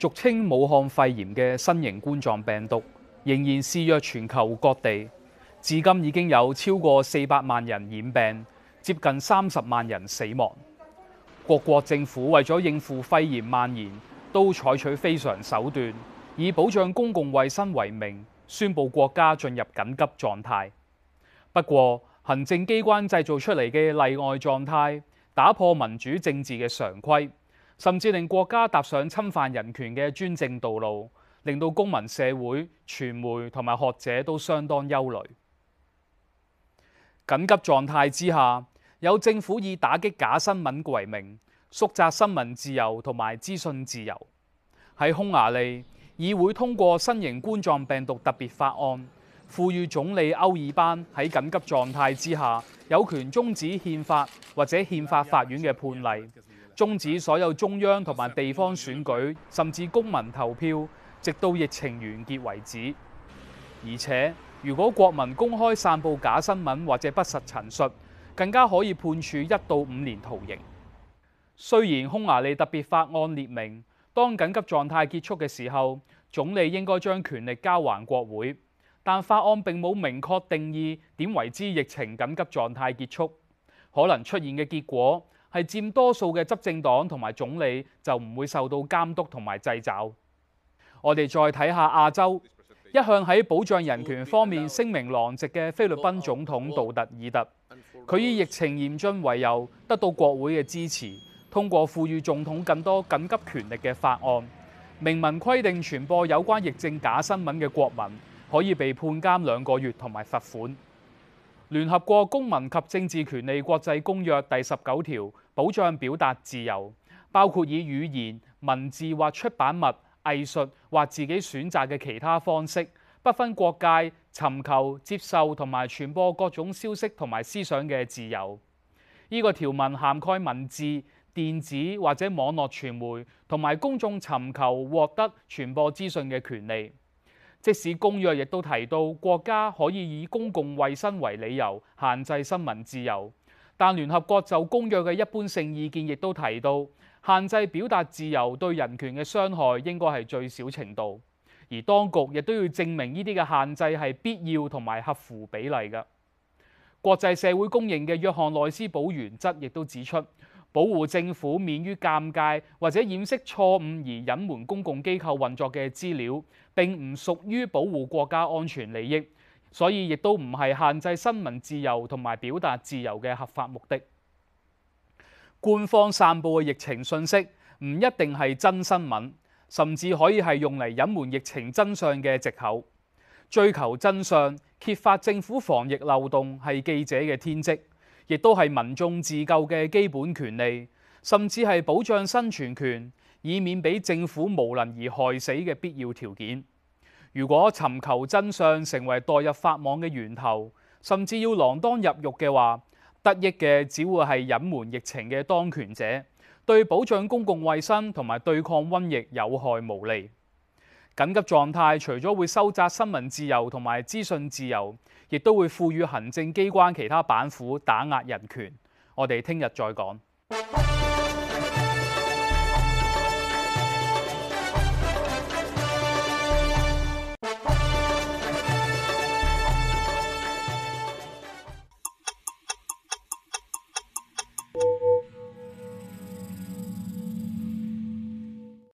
俗稱武漢肺炎嘅新型冠狀病毒仍然肆虐全球各地，至今已經有超過四百萬人染病，接近三十萬人死亡。各國政府為咗應付肺炎蔓延，都採取非常手段，以保障公共衛生為名，宣布國家進入緊急狀態。不過，行政機關製造出嚟嘅例外狀態，打破民主政治嘅常規。甚至令國家踏上侵犯人權嘅專政道路，令到公民社會、傳媒同埋學者都相當憂慮。緊急狀態之下，有政府以打擊假新聞為名，縮窄新聞自由同埋資訊自由。喺匈牙利，議會通過新型冠狀病毒特別法案，賦予總理歐爾班喺緊急狀態之下有權終止憲法或者憲法法院嘅判例。中止所有中央同埋地方選舉，甚至公民投票，直到疫情完結為止。而且，如果國民公開散佈假新聞或者不實陳述，更加可以判處一到五年徒刑。雖然《匈牙利特別法案》列明，當緊急狀態結束嘅時候，總理應該將權力交還國會，但法案並冇明確定義點為之疫情緊急狀態結束，可能出現嘅結果。係佔多數嘅執政黨同埋總理就唔會受到監督同埋掣肘。我哋再睇下亞洲，一向喺保障人權方面聲名狼藉嘅菲律賓總統杜特爾特，佢以疫情嚴峻為由，得到國會嘅支持，通過賦予總統更多緊急權力嘅法案，明文規定傳播有關疫症假新聞嘅國民可以被判監兩個月同埋罰款。聯合國公民及政治權利國際公約第十九條保障表達自由，包括以語言、文字或出版物、藝術或自己選擇嘅其他方式，不分國界，尋求、接受同埋傳播各種消息同埋思想嘅自由。呢個條文涵蓋文字、電子或者網絡傳媒同埋公眾尋求獲得傳播資訊嘅權利。即使公約亦都提到國家可以以公共衛生為理由限制新聞自由，但聯合國就公約嘅一般性意見亦都提到，限制表達自由對人權嘅傷害應該係最少程度，而當局亦都要證明呢啲嘅限制係必要同埋合乎比例嘅。國際社會公認嘅約翰內斯堡原則亦都指出。保護政府免於尷尬或者掩飾錯誤而隱瞞公共機構運作嘅資料，並唔屬於保護國家安全利益，所以亦都唔係限制新聞自由同埋表達自由嘅合法目的。官方散佈嘅疫情信息唔一定係真新聞，甚至可以係用嚟隱瞞疫情真相嘅藉口。追求真相、揭發政府防疫漏洞係記者嘅天職。亦都係民眾自救嘅基本權利，甚至係保障生存權，以免俾政府無能而害死嘅必要條件。如果尋求真相成為墮入法網嘅源頭，甚至要鋃鐺入獄嘅話，得益嘅只會係隱瞞疫情嘅當權者，對保障公共衛生同埋對抗瘟疫有害無利。緊急狀態除咗會收窄新聞自由同埋資訊自由，亦都會賦予行政機關其他板斧打壓人權。我哋聽日再講。